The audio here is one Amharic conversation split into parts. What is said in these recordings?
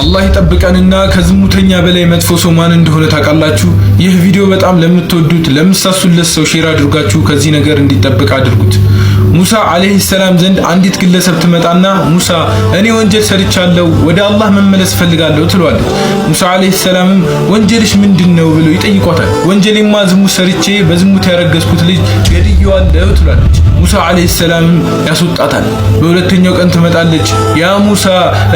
አላህ ይጠብቀንና ከዝሙተኛ በላይ መጥፎ ሰው ማን እንደሆነ ታውቃላችሁ። ይህ ቪዲዮ በጣም ለምትወዱት ለምሳሱለት ሰው ሼር አድርጋችሁ ከዚህ ነገር እንዲጠብቅ አድርጉት። ሙሳ አለይሂ ሰላም ዘንድ አንዲት ግለሰብ ትመጣና ሙሳ እኔ ወንጀል ሰርቻለሁ፣ ወደ አላህ መመለስ ፈልጋለሁ ትሏለች። ሙሳ አለይሂ ሰላምም ወንጀልሽ ምንድነው ብሎ ይጠይቋታል። ወንጀሌማ ዝሙት ሰርቼ በዝሙት ያረገዝኩት ልጅ ገድየዋለሁ ትሏለች። ሙሳ ዓለይሂ ሰላም ያስወጣታል። በሁለተኛው ቀን ትመጣለች። ያ ሙሳ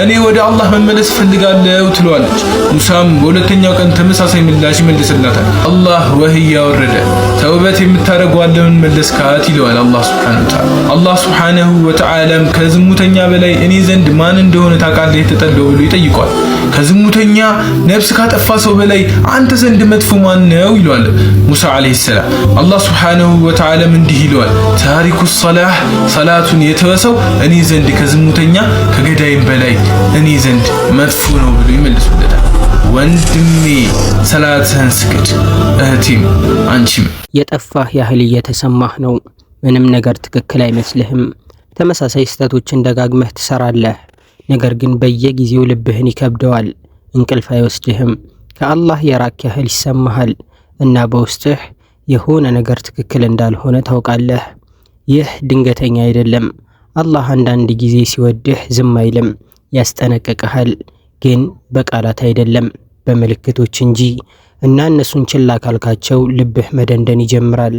እኔ ወደ አላህ መመለስ ፈልጋለሁ ትለዋለች። ሙሳም በሁለተኛው ቀን ተመሳሳይ ምላሽ ይመልስላታል። አላህ ወህይ ያወረደ ተውበት የምታደርገዋን ለምን መለስካት ይለዋል አላህ ሱብሓነሁ ወተዓላ። አላህ ሱብሓነሁ ወተዓላም ከዝሙተኛ በላይ እኔ ዘንድ ማን እንደሆነ ታውቃለህ የተጠላው ብሎ ይጠይቋል። ከዝሙተኛ ነፍስ ካጠፋ ሰው በላይ አንተ ዘንድ መጥፎ ማን ነው ይለዋል ሙሳ ዓለይሂ ሰላም። አላህ ሱብሓነሁ ወተዓላም እንዲህ ይለዋል ታሪክ ተርኩ ሰላህ ሰላቱን የተወሰው እኔ ዘንድ ከዝሙተኛ ከገዳይም በላይ እኔ ዘንድ መጥፎ ነው ብሎ ይመልሱለታል። ወንድሜ ሰላትህን ስግድ፣ እህቴም አንቺም የጠፋህ ያህል እየተሰማህ ነው። ምንም ነገር ትክክል አይመስልህም። ተመሳሳይ ስህተቶችን ደጋግመህ ትሰራለህ። ነገር ግን በየጊዜው ልብህን ይከብደዋል። እንቅልፍ አይወስድህም። ከአላህ የራክ ያህል ይሰማሃል እና በውስጥህ የሆነ ነገር ትክክል እንዳልሆነ ታውቃለህ። ይህ ድንገተኛ አይደለም። አላህ አንዳንድ ጊዜ ሲወድህ ዝም አይልም፣ ያስጠነቅቅሃል። ግን በቃላት አይደለም በምልክቶች እንጂ እና እነሱን ችላ ካልካቸው ልብህ መደንደን ይጀምራል።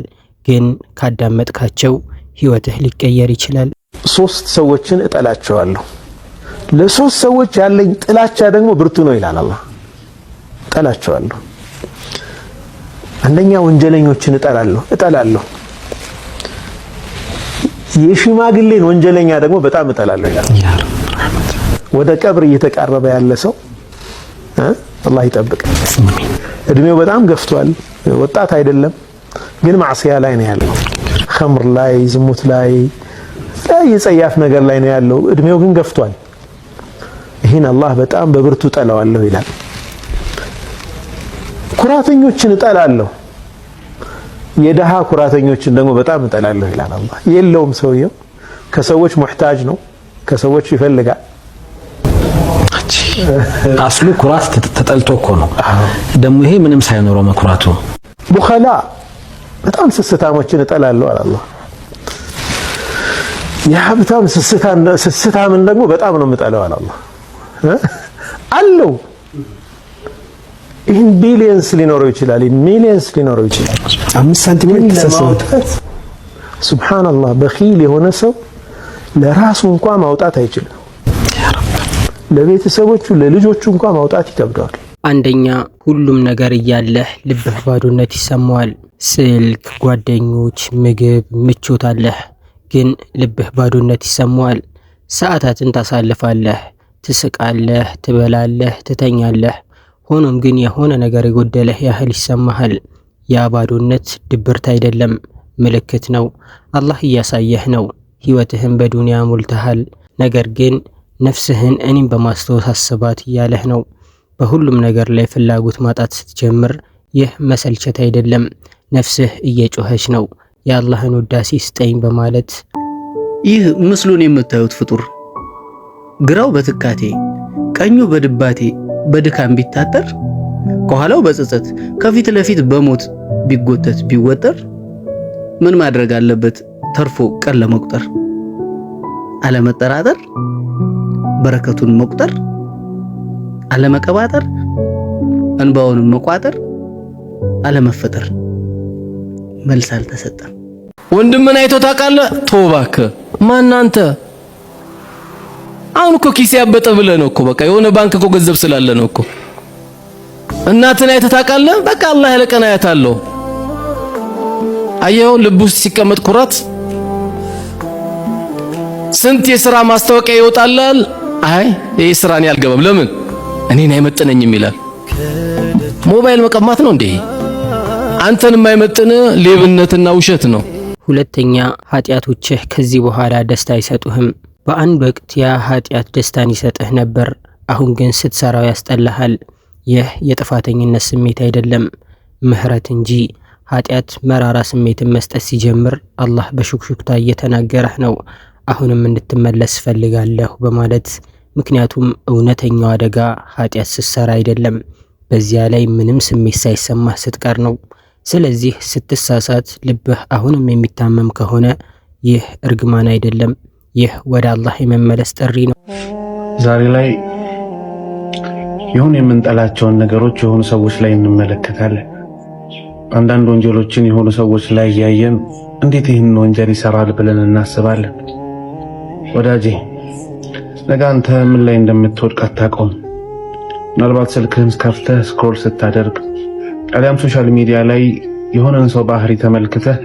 ግን ካዳመጥካቸው ህይወትህ ሊቀየር ይችላል። ሶስት ሰዎችን እጠላቸዋለሁ። ለሶስት ሰዎች ያለኝ ጥላቻ ደግሞ ብርቱ ነው ይላል አላህ። እጠላቸዋለሁ። አንደኛ ወንጀለኞችን እጠላለሁ እጠላለሁ የሽማግሌን ወንጀለኛ ደግሞ በጣም እጠላለሁ ይላል። ወደ ቀብር እየተቃረበ ያለ ሰው አላህ ይጠብቅ። እድሜው በጣም ገፍቷል፣ ወጣት አይደለም፣ ግን ማዕስያ ላይ ነው ያለው። ኸምር ላይ፣ ዝሙት ላይ፣ የጸያፍ ነገር ላይ ነው ያለው። እድሜው ግን ገፍቷል። ይህን አላህ በጣም በብርቱ እጠላዋለሁ ይላል። ኩራተኞችን እጠላለሁ የደሃ ኩራተኞችን ደግሞ በጣም እጠላለሁ ይላል አላህ። የለውም ሰውየው ከሰዎች ሙሕታጅ ነው፣ ከሰዎች ይፈልጋል። አስሉ ኩራት ተጠልቶ እኮ ነው። ደግሞ ይሄ ምንም ሳይኖረው መኩራቱ ቡኸላ፣ በጣም ስስታሞችን እጠላለሁ አለ አላህ። የሀብታም ስስታምን ደግሞ በጣም ነው የምጠለው አለ አላህ አለው ይህን ቢሊየንስ ሊኖረው ይችላል፣ ይህን ሚሊየንስ ሊኖረው ይችላል። አምስት ሳንቲሜትር ለማውጣት ሱብሃነላህ፣ በኺል የሆነ ሰው ለራሱ እንኳ ማውጣት አይችልም። ለቤተሰቦቹ ለልጆቹ እንኳ ማውጣት ይከብደዋል። አንደኛ ሁሉም ነገር እያለህ ልብህ ባዶነት ይሰማዋል። ስልክ፣ ጓደኞች፣ ምግብ፣ ምቾት አለህ፣ ግን ልብህ ባዶነት ይሰማዋል። ሰዓታትን ታሳልፋለህ፣ ትስቃለህ፣ ትበላለህ፣ ትተኛለህ ሆኖም ግን የሆነ ነገር የጎደለህ ያህል ይሰማሃል። የአባዶነት ድብርት አይደለም፣ ምልክት ነው። አላህ እያሳየህ ነው። ሕይወትህን በዱንያ ሞልተሃል፣ ነገር ግን ነፍስህን እኔም በማስታወስ አስባት እያለህ ነው። በሁሉም ነገር ላይ ፍላጎት ማጣት ስትጀምር ይህ መሰልቸት አይደለም፣ ነፍስህ እየጮኸች ነው። የአላህን ውዳሴ ስጠኝ በማለት ይህ ምስሉን የምታዩት ፍጡር ግራው በትካቴ ቀኙ በድባቴ በድካም ቢታጠር፣ ከኋላው በጸጸት ከፊት ለፊት በሞት ቢጎተት ቢወጠር ምን ማድረግ አለበት? ተርፎ ቀን ለመቁጠር አለመጠራጠር፣ በረከቱን መቁጠር፣ አለመቀባጠር፣ እንባውንም መቋጠር፣ አለመፈጠር። መልስ አልተሰጠም። ወንድምን አይቶ ታውቃለህ? ቶባክ አንተ? አሁን እኮ ኪስ ያበጠ ብለህ ነው እኮ በቃ የሆነ ባንክ እኮ ገንዘብ ስላለ ነው እኮ። እናትን አይተህ ታውቃለህ? በቃ አላህ ያለ ቀን አያታለሁ። አየኸው ልብ ውስጥ ሲቀመጥ ኩራት። ስንት የሥራ ማስታወቂያ ይወጣላል። አይ ይሄ ስራ እኔ አልገባም፣ ለምን እኔን አይመጥነኝም ይላል። ሞባይል መቀማት ነው እንዴ? አንተን የማይመጥን ሌብነትና ውሸት ነው። ሁለተኛ ኃጢአቶችህ ከዚህ በኋላ ደስታ አይሰጡህም። በአንድ ወቅት ያ ኃጢአት ደስታን ይሰጥህ ነበር፣ አሁን ግን ስትሰራው ያስጠላሃል። ይህ የጥፋተኝነት ስሜት አይደለም፣ ምህረት እንጂ። ኃጢአት መራራ ስሜትን መስጠት ሲጀምር አላህ በሹክሹክታ እየተናገረህ ነው፣ አሁንም እንድትመለስ እፈልጋለሁ በማለት ምክንያቱም እውነተኛው አደጋ ኃጢአት ስትሰራ አይደለም፣ በዚያ ላይ ምንም ስሜት ሳይሰማህ ስትቀር ነው። ስለዚህ ስትሳሳት ልብህ አሁንም የሚታመም ከሆነ ይህ እርግማን አይደለም ይህ ወደ አላህ የመመለስ ጥሪ ነው። ዛሬ ላይ የሆኑ የምንጠላቸውን ነገሮች የሆኑ ሰዎች ላይ እንመለከታለን። አንዳንድ ወንጀሎችን የሆኑ ሰዎች ላይ እያየን እንዴት ይህን ወንጀል ይሰራል ብለን እናስባለን። ወዳጄ ነገ አንተ ምን ላይ እንደምትወድቅ አታውቀውም። ምናልባት ስልክህን ከፍተህ ስክሮል ስታደርግ አሊያም ሶሻል ሚዲያ ላይ የሆነን ሰው ባህሪ ተመልክተህ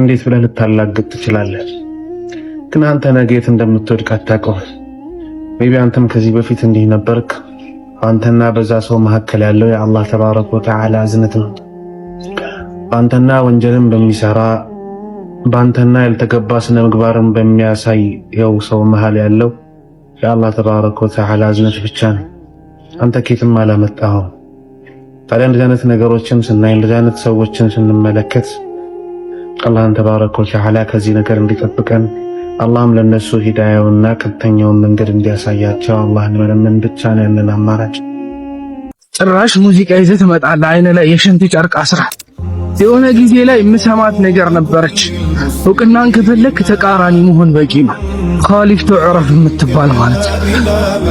እንዴት ብለህ ልታላግጥ ትችላለህ። ግን አንተ ነገ የት እንደምትወድቅ አታውቅም። ሜቢ አንተም ከዚህ በፊት እንዲህ ነበርክ። በአንተና በዛ ሰው መካከል ያለው የአላህ ተባረከ ወተዓላ እዝነት ነው። በአንተና ወንጀልን በሚሰራ በአንተና ያልተገባ ስነ ምግባርን በሚያሳየው ሰው መሃል ያለው የአላህ ተባረከ ወተዓላ እዝነት ብቻ ነው። አንተ ኬትም አላመጣኸው። ታዲያ እንደዚህ አይነት ነገሮችን ስናይ፣ እንደዚህ አይነት ሰዎችን ስንመለከት አላህን ተባረከ ወተዓላ ከዚህ ነገር እንዲጠብቀን አላህም ለነሱ ሂዳያውና ቀጥተኛውን መንገድ እንዲያሳያቸው አላህን መለመን ብቻ ነው ያለን አማራጭ። ጭራሽ ሙዚቃ ይዘህ ትመጣለህ። አይነ ላይ የሽንት ጨርቅ አስራ የሆነ ጊዜ ላይ የምሰማት ነገር ነበረች እውቅናን ከፈለክ ተቃራኒ መሆን በቂ ነው። ካሊፍ ተዕረፍ የምትባል ማለት ነው።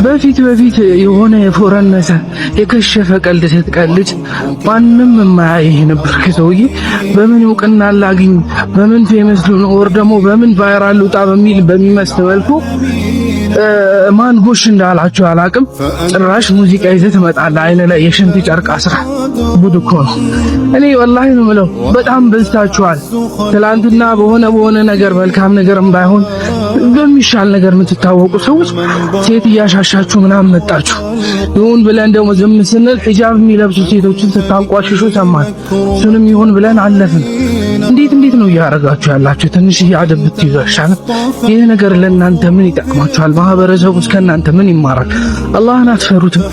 በፊት በፊት የሆነ የፎረነሰ የከሸፈ ቀልድ ስትቀልድ ማንም የማያይህ የነበርክ ሰውዬ በምን እውቅና ላግኝ፣ በምን ፌመስ ልሁን፣ ደግሞ በምን ቫይራል ልውጣ በሚል በሚመስል መልኩ ማንጎሽ ጎሽ እንዳላችሁ አላቅም። ጭራሽ ሙዚቃ ይዘህ ትመጣለህ። አይነ ላይ የሽንት ጨርቅ አስራ ጉድ እኮ ነው። እኔ ወላሂ ነው በጣም በዝታችኋል። ትላንትና በሆነ በሆነ ነገር መልካም ነገርም ባይሆን በሚሻል ነገር የምትታወቁ ሰዎች ሴት እያሻሻችሁ ምናምን መጣችሁ። ይሁን ብለን ደግሞ ዝም ስንል ሒጃብ የሚለብሱ ሴቶችን ስታንቋሽሹ ሰማን። እሱንም ይሁን ብለን አለፍን። ነው እያደረጋችሁ ያላችሁ? ትንሽ አደብ ብትይዙ አይሻልም? ይሄ ነገር ለእናንተ ምን ይጠቅማችኋል? ማህበረሰቡ ከእናንተ ምን ይማራል? አላህን አትፈሩትም?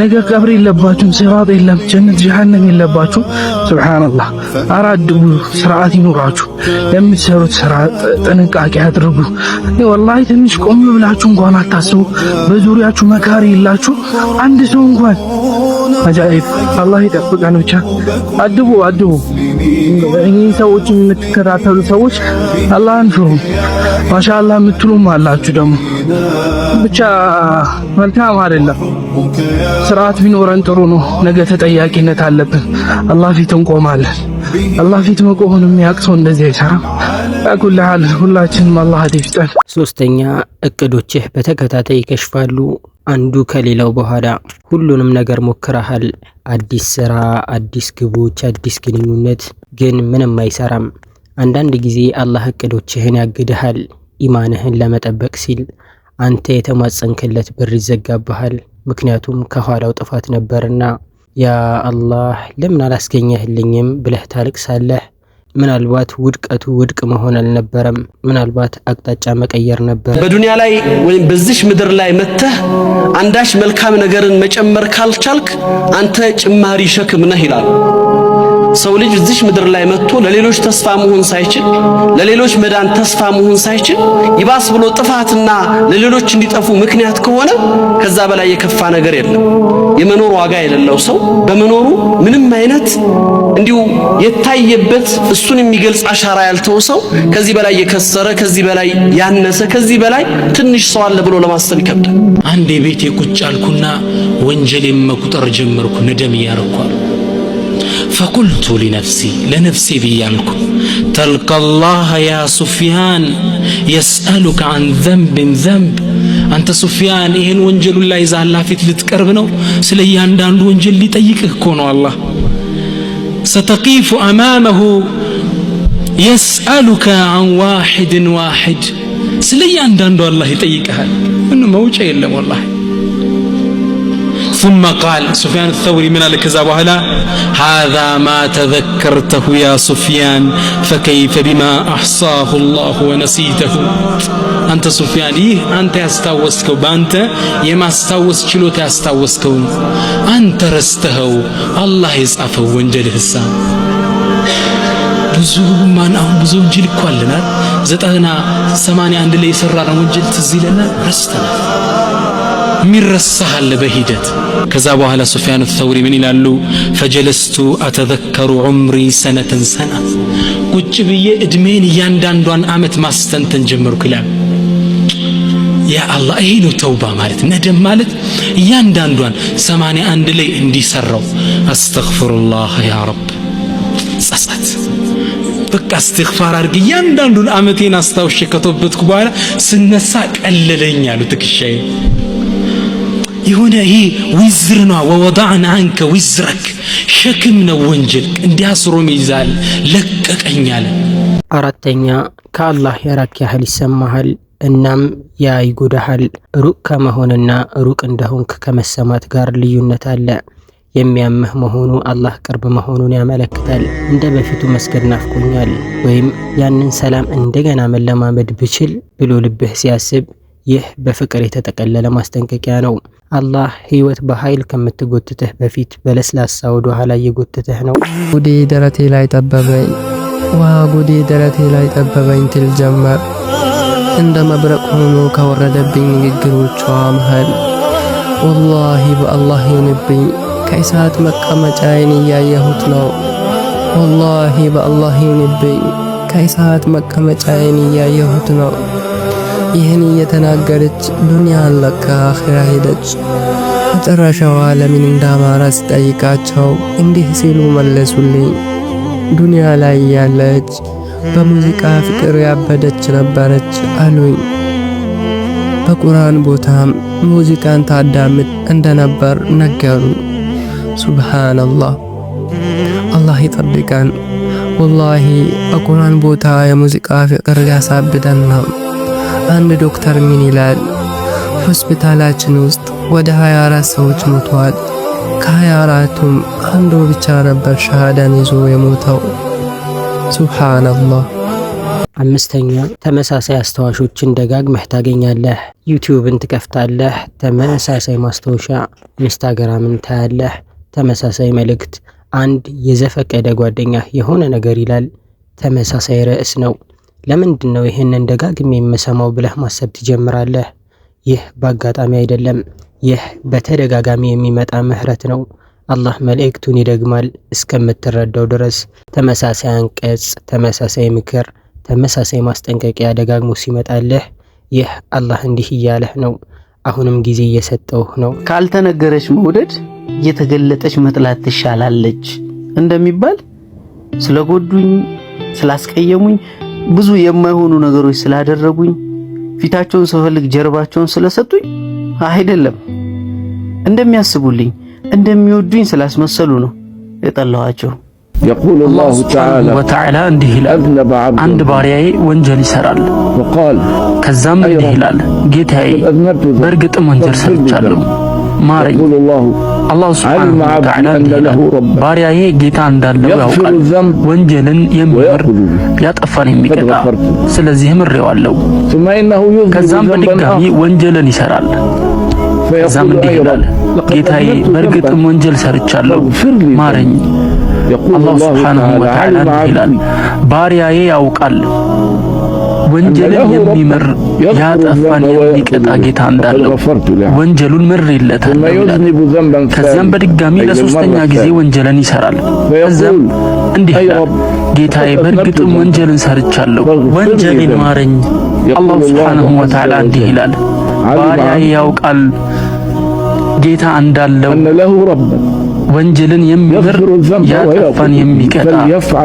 ነገ ቀብር የለባችሁም፣ ሲራጥ የለም፣ ጀነት ጀሃነም የለባችሁ ሱብሃንአላህ። ኧረ አድቡ፣ ስርዓት ይኑራችሁ። ለምትሰሩት ስራ ጥንቃቄ አድርጉ። ወላሂ ትንሽ ቆም ብላችሁ እንኳን አታስቡ። በዙሪያችሁ መካሪ የላችሁ አንድ ሰው እንኳን አጃኢብ። አላህ ይጠብቀን ብቻ። አድቡ አድቡ። እኚህ ሰዎች የምትከታተሉ ሰዎች አላህን ፍሩ። ማሻአላህ የምትሉም አላችሁ ደግሞ ብቻ መልካም አይደለም። ስርዓት ቢኖረን ጥሩ ነው። ነገ ተጠያቂነት አለብን። አላህ ፊት እንቆማለን። አላህ ፊት መቆሙን የሚያቅሰው እንደዚህ አይሰራም። ሁላችንም አላህ ሶስተኛ እቅዶችህ በተከታታይ ይከሽፋሉ። አንዱ ከሌላው በኋላ ሁሉንም ነገር ሞክረሃል። አዲስ ስራ፣ አዲስ ግቦች፣ አዲስ ግንኙነት፣ ግን ምንም አይሰራም። አንዳንድ ጊዜ አላህ እቅዶችህን ያግድሃል። ኢማንህን ለመጠበቅ ሲል አንተ የተማጸንክለት በር ይዘጋብሃል። ምክንያቱም ከኋላው ጥፋት ነበርና። ያ አላህ ለምን አላስገኘህልኝም ብለህ ታልቅሳለህ። ምናልባት ውድቀቱ ውድቅ መሆን አልነበረም። ምናልባት አቅጣጫ መቀየር ነበር። በዱንያ ላይ ወይም በዚሽ ምድር ላይ መጥተህ አንዳች መልካም ነገርን መጨመር ካልቻልክ አንተ ጭማሪ ሸክም ነህ ይላል ሰው ልጅ እዚህ ምድር ላይ መጥቶ ለሌሎች ተስፋ መሆን ሳይችል ለሌሎች መዳን ተስፋ መሆን ሳይችል ይባስ ብሎ ጥፋትና ለሌሎች እንዲጠፉ ምክንያት ከሆነ ከዛ በላይ የከፋ ነገር የለም። የመኖር ዋጋ የሌለው ሰው በመኖሩ ምንም አይነት እንዲሁ የታየበት እሱን የሚገልጽ አሻራ ያልተው ሰው ከዚህ በላይ የከሰረ ከዚህ በላይ ያነሰ ከዚህ በላይ ትንሽ ሰው አለ ብሎ ለማሰብ ይከብዳል። አንዴ ቤቴ ቁጭ አልኩና ወንጀሌን መቁጠር ጀመርኩ፣ ንደም ያረኳል فقلت لنفسي لنفسي بيانك تلقى الله يا سفيان يسألك عن ذنب ذنب أنت سفيان إيه الونجل الله إذا الله فيت لتقربنا سليان دان الونجل لتأيكك كون الله ستقيف أمامه يسألك عن واحد واحد سليان دان الله يتأيكها إنه موجه إلا والله ثم قال سفيان الثوري من الكذا وهلا هذا ما تذكرته يا سفيان فكيف بما أحصاه الله ونسيته አንተ ሱፊያን ይህ አንተ ያስታወስከው በአንተ የማስታወስ ችሎታ ያስታወስከው አንተ ረስተኸው አላህ የጻፈው ወንጀልህ ህሳ ብዙ ማን አሁን ብዙ ወንጀል እኮ አለናል ዘጠና ሰማንያ አንድ ላይ የሰራ ነው ወንጀል ትዝ ይለናል ረስተናል የሚረሳሃል በሂደት ከዛ በኋላ ሱፊያኑ ተውሪ ምን ይላሉ? ፈጀለስቱ አተዘከሩ ዑምሪ ሰነተን ሰና ቁጭ ብዬ እድሜን እያንዳንዷን አመት ማስተንተን ጀመርኩ ይላሉ። ያ አላህ ይሄ ነው ተውባ ማለት ነደም ማለት እያንዳንዷን ሰማንያ አንድ ላይ እንዲሰራው አስተግፍሩላህ ያ ረብ ጸጸት በቃ እስትግፋር አድርግ እያንዳንዱን ዓመቴን አስታውሼ ከተወበትኩ በኋላ ስነሳ ቀለለኝ አሉ ትከሻዬ የሆነ ይሄ ዊዝር ነው። ወወዳዕና አንከ ዊዝረክ ሸክም ነው ወንጀል እንዲህ አስሮ ይዛል ለቀቀኛል። አራተኛ ከአላህ የራክ ያህል ይሰማሃል፣ እናም ያ ይጎዳሃል። ሩቅ ከመሆንና ሩቅ እንደሆንክ ከመሰማት ጋር ልዩነት አለ። የሚያምህ መሆኑ አላህ ቅርብ መሆኑን ያመለክታል። እንደ በፊቱ መስገድ ናፍቆኛል ወይም ያንን ሰላም እንደገና መለማመድ ብችል ብሎ ልብህ ሲያስብ ይህ በፍቅር የተጠቀለለ ማስጠንቀቂያ ነው። አላህ ህይወት በኃይል ከምትጎትትህ በፊት በለስላሳ ወደ ኋላ እየጎትትህ ነው። ጉዴ ደረቴ ላይ ጠበበኝ፣ ውሃ ጉዴ ደረቴ ላይ ጠበበኝ ትል ጀመር። እንደ መብረቅ ሆኖ ከወረደብኝ ንግግሮቿ መሃል ወላሂ በአላህ ይሁንብኝ ከእሳት መቀመጫዬን እያየሁት ነው። ወላሂ በአላህ ይሁንብኝ ከእሳት መቀመጫዬን እያየሁት ነው። ይህን እየተናገረች ዱንያን ለካ አኺራ ሄደች። መጨረሻዋ ለምን እንዳማራ ስጠይቃቸው እንዲህ ሲሉ መለሱልኝ። ዱንያ ላይ ያለች በሙዚቃ ፍቅር ያበደች ነበረች አሉኝ። በቁርአን ቦታም ሙዚቃን ታዳምጥ እንደነበር ነገሩ። ሱብሃነላህ። አላህ ይጠብቀን። ወላሂ በቁርአን ቦታ የሙዚቃ ፍቅር ያሳብደናል። አንድ ዶክተር ምን ይላል? ሆስፒታላችን ውስጥ ወደ 24 ሰዎች ሞተዋል። ከ24ቱም አንዱ ብቻ ነበር ሸሃዳን ይዞ የሞተው። ሱብሃንአላህ። አምስተኛ ተመሳሳይ አስታዋሾችን ደጋግመህ ታገኛለህ። ዩቲዩብን ትከፍታለህ፣ ተመሳሳይ ማስታወሻ። ኢንስታግራምን ታያለህ፣ ተመሳሳይ መልእክት። አንድ የዘፈቀደ ጓደኛህ የሆነ ነገር ይላል፣ ተመሳሳይ ርዕስ ነው። ለምንድን ነው ይህንን ደጋግሜ የምሰማው ብለህ ማሰብ ትጀምራለህ። ይህ በአጋጣሚ አይደለም። ይህ በተደጋጋሚ የሚመጣ ምህረት ነው። አላህ መልእክቱን ይደግማል እስከምትረዳው ድረስ። ተመሳሳይ አንቀጽ፣ ተመሳሳይ ምክር፣ ተመሳሳይ ማስጠንቀቂያ ደጋግሞ ሲመጣልህ ይህ አላህ እንዲህ እያለህ ነው፣ አሁንም ጊዜ እየሰጠውህ ነው። ካልተነገረች መውደድ እየተገለጠች መጥላት ትሻላለች እንደሚባል ስለጎዱኝ ስላስቀየሙኝ ብዙ የማይሆኑ ነገሮች ስላደረጉኝ ፊታቸውን ስፈልግ ጀርባቸውን ስለሰጡኝ አይደለም፣ እንደሚያስቡልኝ እንደሚወዱኝ ስላስመሰሉ ነው የጠላኋቸው። የቁል አላሁ ተዓላ እንዲህ ይላል፣ አንድ ባሪያዬ ወንጀል ይሰራል። ከዛም እንዲህ ይላል፣ ጌታዬ በእርግጥም ወንጀል ሰርቻለሁ ማረኝ። አላህ ሱብሓነሁ ወተዓላ ባሪያዬ ጌታ እንዳለው ያውቃል፣ ወንጀልን የሚምር ያጠፋን የሚቀጣ ስለዚህም እሬዋለሁ። ከዛም በድጋሚ ወንጀልን ይሰራል። ከዛም እንዲህ ይላል፣ ጌታዬ በእርግጥም ወንጀል ሰርቻለሁ፣ ማረኝ። አላህ ሱብሓነሁ ወተዓላ ይላል፣ ባሪያዬ ያውቃል ወንጀልን የሚምር ያጠፋን የሚቀጣ ጌታ እንዳለው ወንጀሉን ምሬለታል ይላል። ከዚያም በድጋሚ ለሶስተኛ ጊዜ ወንጀልን ይሰራል። ከዚያም እንዲህ ይላል፣ ጌታዬ በእርግጥም ወንጀልን ሰርቻለሁ፣ ወንጀልን ማረኝ። አላሁ ሱብሓነሁ ወተዓላ እንዲህ ይላል፣ ባሪያዬ ያውቃል ጌታ እንዳለው ወንጀልን የሚምር ያጠፋን የሚቀጣ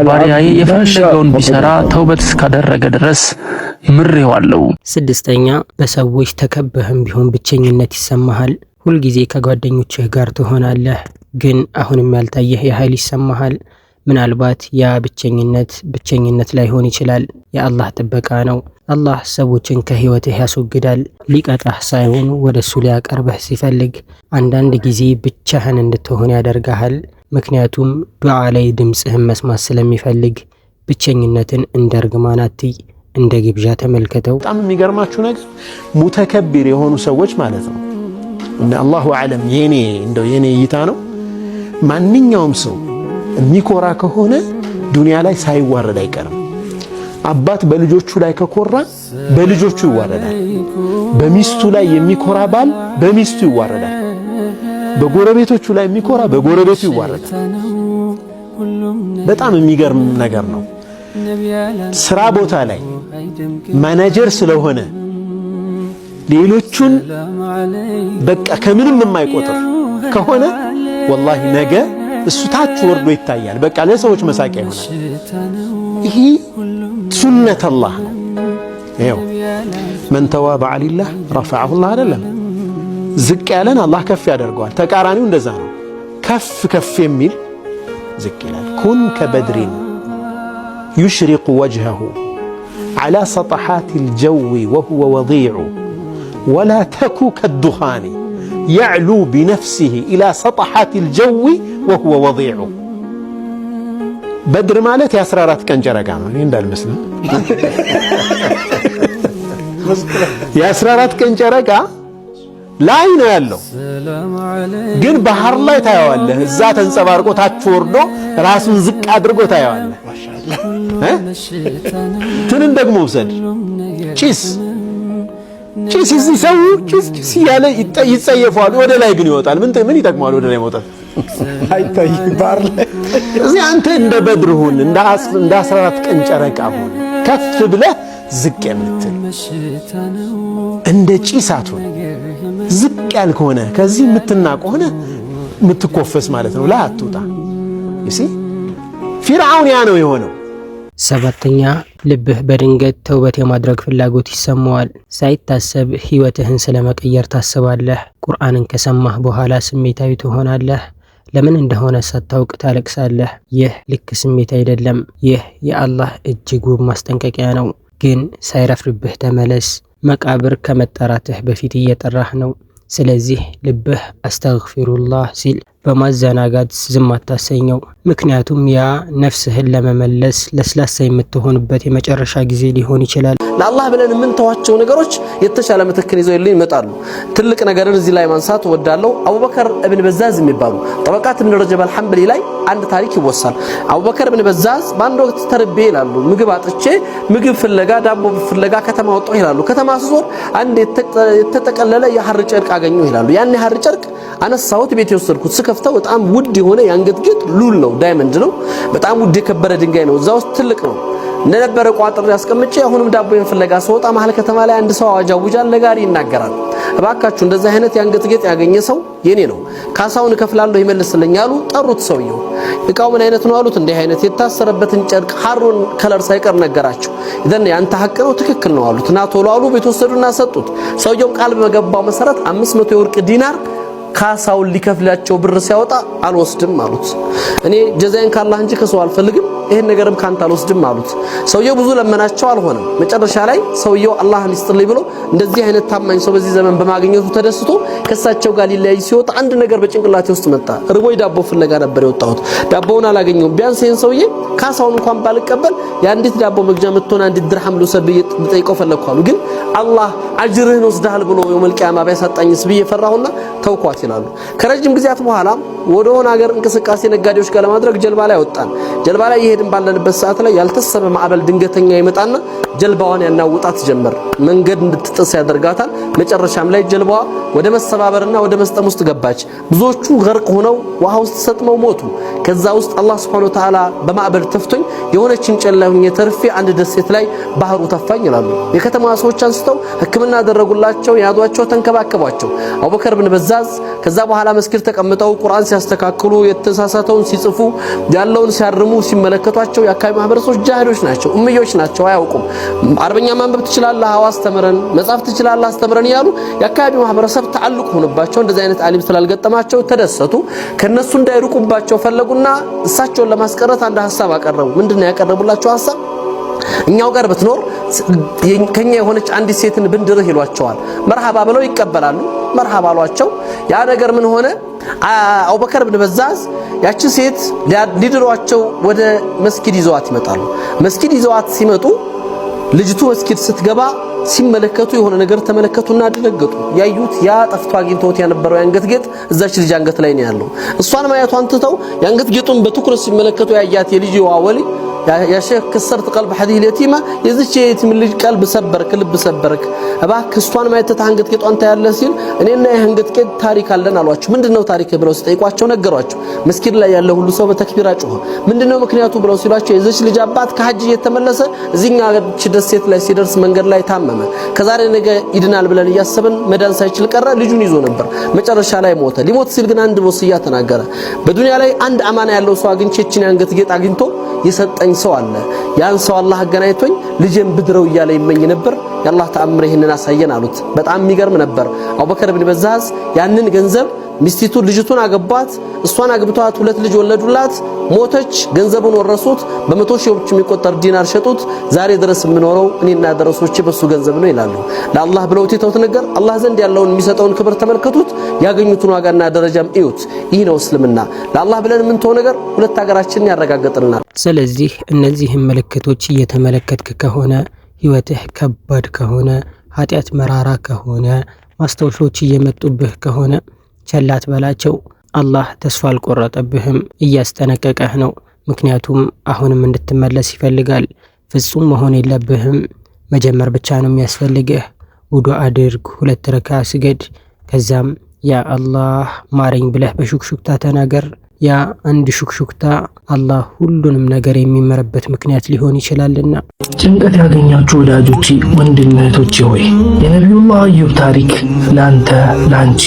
ባሪያዬ የፈለገውን ቢሰራ ተውበት እስካደረገ ድረስ ምሬዋለሁ። ስድስተኛ በሰዎች ተከበህም ቢሆን ብቸኝነት ይሰማሃል። ሁልጊዜ ከጓደኞችህ ጋር ትሆናለህ፣ ግን አሁንም ያልታየህ ያህል ይሰማሃል። ምናልባት ያ ብቸኝነት ብቸኝነት ላይሆን ይችላል፣ የአላህ ጥበቃ ነው። አላህ ሰዎችን ከህይወትህ ያስወግዳል። ሊቀጣህ ሳይሆን ወደ እሱ ሊያቀርበህ ሲፈልግ አንዳንድ ጊዜ ብቻህን እንድትሆን ያደርግሃል። ምክንያቱም ዱዓ ላይ ድምፅህን መስማት ስለሚፈልግ ብቸኝነትን እንደ እርግማን አትይ፣ እንደ ግብዣ ተመልከተው። በጣም የሚገርማችሁ ነገር ሙተከቢር የሆኑ ሰዎች ማለት ነው እና አላሁ አለም የኔ እንደው የኔ እይታ ነው። ማንኛውም ሰው የሚኮራ ከሆነ ዱንያ ላይ ሳይዋረድ አይቀርም። አባት በልጆቹ ላይ ከኮራ በልጆቹ ይዋረዳል። በሚስቱ ላይ የሚኮራ ባል በሚስቱ ይዋረዳል። በጎረቤቶቹ ላይ የሚኮራ በጎረቤቱ ይዋረዳል። በጣም የሚገርም ነገር ነው። ስራ ቦታ ላይ ማናጀር ስለሆነ ሌሎቹን በቃ ከምንም የማይቆጥር ከሆነ ወላሂ ነገ እሱ ታች ወርዶ ይታያል። በቃ ለሰዎች መሳቂያ ይሆናል። ይሄ سنة الله ايوه من تواضع لله رفعه الله على الله زكي لنا الله كف يا درجوان تكاراني وندزانو كف كف يميل زكي لنا كن كبدر يشرق وجهه على سطحات الجو وهو وضيع ولا تكو كالدخان يعلو بنفسه إلى سطحات الجو وهو وضيع በድር ማለት የ14 ቀን ጨረቃ ነው። እኔ እንዳልመስል የ14 ቀን ጨረቃ ላይ ነው ያለው፣ ግን ባህር ላይ ታየዋለህ። እዛ ተንጸባርቆ ታች ወርዶ ራሱን ዝቅ አድርጎ ታየዋለህ። ትንን ደግሞ ውሰድ። ጭስ ጭስ እዚህ ሰው ጭስ ጭስ እያለ ይጸየፈዋል። ወደ ላይ ግን ይወጣል። ምን ምን ይጠቅመዋል ወደ ላይ መውጣት? አይታይም ባር ላይ እዚህ አንተ እንደ በድር ሁን፣ እንደ አስራ ቀን ጨረቃ ሁን፣ ከፍ ብለህ ዝቅ የምትል እንደ ጪሳት ሁን። ዝቅ ያል ከሆነ ከዚህ የምትናቅ ሆነ የምትኮፈስ ማለት ነው። ላይ አትውጣ። ፊርዓውን ያ ነው የሆነው። ሰባተኛ ልብህ በድንገት ተውበት የማድረግ ፍላጎት ይሰማዋል። ሳይታሰብ ህይወትህን ስለመቀየር ታስባለህ። ቁርአንን ከሰማህ በኋላ ስሜታዊ ትሆናለህ። ለምን እንደሆነ ሳታውቅ ታለቅሳለህ። ይህ ልክ ስሜት አይደለም። ይህ የአላህ እጅግ ውብ ማስጠንቀቂያ ነው። ግን ሳይረፍርብህ ተመለስ። መቃብር ከመጠራትህ በፊት እየጠራህ ነው። ስለዚህ ልብህ አስተግፊሩላህ ሲል በማዘናጋት ዝም አታሰኘው። ምክንያቱም ያ ነፍስህን ለመመለስ ለስላሳ የምትሆንበት የመጨረሻ ጊዜ ሊሆን ይችላል። ለአላህ ብለን የምንተዋቸው ነገሮች የተሻለ ምትክን ይዘው ይልኝ ይመጣሉ። ትልቅ ነገርን እዚህ ላይ ማንሳት ወዳለው አቡበከር እብን በዛዝ የሚባሉ ጠበቃት እብን ረጀብ አልሐንበሊ ላይ አንድ ታሪክ ይወሳል። አቡበከር እብን በዛዝ በአንድ ወቅት ተርቤ ይላሉ፣ ምግብ አጥቼ ምግብ ፍለጋ ዳቦ ፍለጋ ከተማ ወጣሁ ይላሉ። ከተማ ስዞር አንድ የተጠቀለለ የሐር ጨርቅ አገኘሁ ይላሉ። ያን የሐር ጨርቅ አነሳሁት፣ ቤት የወሰድኩት ስከፍተው በጣም ውድ የሆነ የአንገት ጌጥ ሉል ነው፣ ዳይመንድ ነው። በጣም ውድ የከበረ ድንጋይ ነው። እዛ ውስጥ ትልቅ ነው። እንደነበረ ቋጥር ያስቀምጬ አሁንም ዳቦዬን ፍለጋ ስወጣ መሀል ከተማ ላይ አንድ ሰው አዋጅ አውጃል። ለጋሪ ይናገራል። እባካችሁ እንደዚህ አይነት የአንገት ጌጥ ያገኘ ሰው የኔ ነው፣ ካሳውን እከፍላለሁ ይመልስልኝ አሉ። ጠሩት። ሰውየው እቃው ምን አይነት ነው አሉት። እንዲህ አይነት የታሰረበትን ጨርቅ ሀሩን ከለር ሳይቀር ነገራቸው። ይዘን ያንተ ሀቅ ነው ትክክል ነው አሉት። እና ቶሎ አሉ። ቤት ወሰዱና ሰጡት። ሰውየው ቃል በገባው መሰረት 500 የወርቅ ዲናር ካሳውን ሊከፍላቸው ብር ሲያወጣ አልወስድም አሉት። እኔ ጀዛዬን ካላህ እንጂ ከሰው አልፈልግም ይህን ነገርም ካንተ አልወስድም አሉት። ሰውየው ብዙ ለመናቸው አልሆነም። መጨረሻ ላይ ሰውየው አላህ ይስጥልኝ ብሎ እንደዚህ አይነት ታማኝ ሰው በዚህ ዘመን በማግኘቱ ተደስቶ ከእሳቸው ጋር ሊለያይ ሲወጣ አንድ ነገር በጭንቅላቴ ውስጥ መጣ። ርቦይ ዳቦ ፍለጋ ነበር የወጣሁት፣ ዳቦውን አላገኘሁም። ቢያንስ ይህን ሰውዬ ካሳውን እንኳን ባልቀበል የአንዲት ዳቦ መግዣ መጥቶና አንዲት ድርሃም ልውሰድ ብዬ ልጠይቀው ፈለግኩ አሉ። ግን አላህ አጅርህን ወስደሃል ብሎ የውመል ቂያማ ቢያሳጣኝስ ብዬ ፈራሁና ተውኳት ይላሉ። ከረጅም ጊዜያት በኋላ ወደሆነ ሀገር እንቅስቃሴ ነጋዴዎች ጋር ለማድረግ ጀልባ ላይ ወጣን። ጀልባ ላይ እየሄድን ባለንበት ሰዓት ላይ ያልተሰበ ማዕበል ድንገተኛ ይመጣና ጀልባዋን ያናውጣት ጀመር። መንገድ እንድትጥስ ያደርጋታል። መጨረሻም ላይ ጀልባዋ ወደ መሰባበርና ወደ መስጠም ውስጥ ገባች። ብዙዎቹ ገርቅ ሆነው ውሃ ውስጥ ሰጥመው ሞቱ። ከዛ ውስጥ አላህ ሱብሓነሁ ወተዓላ በማዕበል ተፍቶኝ የሆነችን ጨላሁኝ የተርፌ አንድ ደሴት ላይ ባህሩ ተፋኝ ይላሉ። የከተማ ሰዎች አንስተው ሕክምና አደረጉላቸው፣ ያዟቸው፣ ተንከባከቧቸው። አቡበከር ብን በዛዝ ከዛ በኋላ መስጊድ ተቀምጠው ቁርአን ሲያስተካክሉ የተሳሳተውን ሲጽፉ ያለውን ሲያርሙ ሲመለከቱ ያበረከቷቸው የአካባቢ ማህበረሰቦች ጃህዶች ናቸው፣ እምዮች ናቸው፣ አያውቁም። አረበኛ ማንበብ ትችላለህ፣ አዎ አስተምረን፣ መጽሐፍ ትችላለህ፣ አስተምረን እያሉ የአካባቢ ማህበረሰብ ተአልቅ ሆነባቸው። እንደዚህ አይነት አሊም ስላልገጠማቸው ተደሰቱ። ከነሱ እንዳይርቁባቸው ፈለጉና እሳቸውን ለማስቀረት አንድ ሀሳብ አቀረቡ። ምንድነው ያቀረቡላቸው ሀሳብ? እኛው ጋር ብትኖር ከኛ የሆነች አንዲት ሴትን ብንድርህ ይሏቸዋል። መርሃባ ብለው ይቀበላሉ። መርሃብ አሏቸው። ያ ነገር ምን ሆነ? አቡበከር ብን በዛዝ ያችን ሴት ሊድሯቸው ወደ መስጊድ ይዘዋት ይመጣሉ። መስጊድ ይዘዋት ሲመጡ ልጅቱ መስጊድ ስትገባ ሲመለከቱ የሆነ ነገር ተመለከቱና አደነገጡ። ያዩት ያ ጠፍቶ አግኝተውት የነበረው የአንገት ጌጥ እዛች ልጅ አንገት ላይ ነው ያለው። እሷን ማየቷን ትተው የአንገት ጌጡን በትኩረት ሲመለከቱ ያያት የልጅዋ ወሊ ያ ሼክ ከሰርት ቀልብ ሐዲህ ለቲማ የዚች የቲም ልጅ ቀልብ ሰበርክ፣ ልብ ሰበርክ። እባክህ እሷን ማየት አንገት ጌጧን ታያለህ ሲል እኔና ይህ አንገት ጌጥ ታሪክ አለን አሏቸው። ምንድነው ታሪክ ብለው ሲጠይቋቸው ነገሯቸው። ምስኪን ላይ ያለ ሁሉ ሰው በተክቢራ ጮኸ። ምንድነው ምክንያቱ ብለው ሲሏቸው የዚች ልጅ አባት ከሐጅ እየተመለሰ እዚህኛ ደሴት ላይ ሲደርስ መንገድ ላይ ታመመ። ከዛሬ ነገ ይድናል ብለን እያሰብን መዳን ሳይችል ቀረ። ልጁን ይዞ ነበር፣ መጨረሻ ላይ ሞተ። ሊሞት ሲል ግን አንድ ወስያ ተናገረ። በዱንያ ላይ አንድ አማና ያለው ሰው አግኝቼ እችን የአንገት ጌጥ አግኝቶ የሰጠኝ ሰው አለ። ያን ሰው አላህ አገናኝቶኝ ልጄን ብድረው እያለ ይመኝ ነበር። የአላህ ተአምር ይህንን አሳየን አሉት። በጣም የሚገርም ነበር። አቡበከር ብን በዛዝ ያንን ገንዘብ ሚስቲቱ ልጅቱን አገባት። እሷን አግብተዋት ሁለት ልጅ ወለዱላት። ሞተች። ገንዘቡን ወረሱት። በመቶ ሺዎች የሚቆጠር ዲናር ሸጡት። ዛሬ ድረስ የምኖረው እኔና ደረሶቼ በሱ ገንዘብ ነው ይላሉ። ለአላህ ብለው ትተውት ነገር አላህ ዘንድ ያለውን የሚሰጠውን ክብር ተመልከቱት። ያገኙትን ዋጋና ደረጃም እዩት። ይህ ነው እስልምና። ለአላህ ብለን የምንተው ነገር ሁለት ሀገራችንን ያረጋግጥልናል። ስለዚህ እነዚህ ምልክቶች እየተመለከትክ ከሆነ ህይወትህ ከባድ ከሆነ ኃጢአት መራራ ከሆነ ማስታወሻዎች እየመጡብህ ከሆነ ቸላት በላቸው አላህ ተስፋ አልቆረጠብህም፣ እያስጠነቀቀህ ነው። ምክንያቱም አሁንም እንድትመለስ ይፈልጋል። ፍጹም መሆን የለብህም። መጀመር ብቻ ነው የሚያስፈልግህ። ውዱ አድርግ፣ ሁለት ረካ ስገድ። ከዛም ያ አላህ ማረኝ ብለህ በሹክሹክታ ተናገር። ያ አንድ ሹክሹክታ አላህ ሁሉንም ነገር የሚመረበት ምክንያት ሊሆን ይችላልና። ጭንቀት ያገኛችሁ ወዳጆቼ፣ ወንድም ሆይ የነቢዩላህ አዩብ ታሪክ ለአንተ ለአንቺ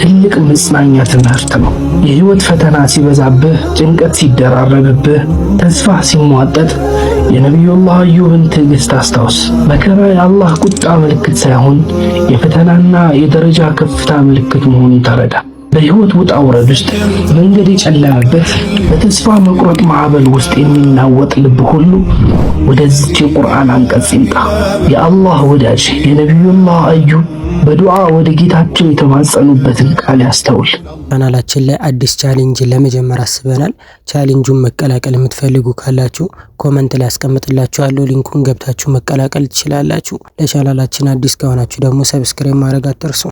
ትልቅ መጽናኛ ትምህርት ነው። የህይወት ፈተና ሲበዛብህ፣ ጭንቀት ሲደራረብብህ፣ ተስፋ ሲሟጠጥ የነቢዩላህ አዩብን ትዕግስት አስታውስ። መከራ የአላህ ቁጣ ምልክት ሳይሆን የፈተናና የደረጃ ከፍታ ምልክት መሆኑን ተረዳ። በህይወት ውጣ ውረድ ውስጥ መንገድ የጨለመበት በተስፋ መቁረጥ ማዕበል ውስጥ የሚናወጥ ልብ ሁሉ ወደዚህ የቁርአን አንቀጽ ይምጣ። የአላህ ወዳጅ የነቢዩላህ አዩብ በዱዓ ወደ ጌታቸው የተማጸኑበትን ቃል ያስተውል። ቻናላችን ላይ አዲስ ቻሌንጅ ለመጀመር አስበናል። ቻሌንጁን መቀላቀል የምትፈልጉ ካላችሁ ኮመንት ላይ አስቀምጥላችኋለሁ። ሊንኩን ገብታችሁ መቀላቀል ትችላላችሁ። ለቻናላችን አዲስ ከሆናችሁ ደግሞ ሰብስክራይብ ማድረግ አትርሱ።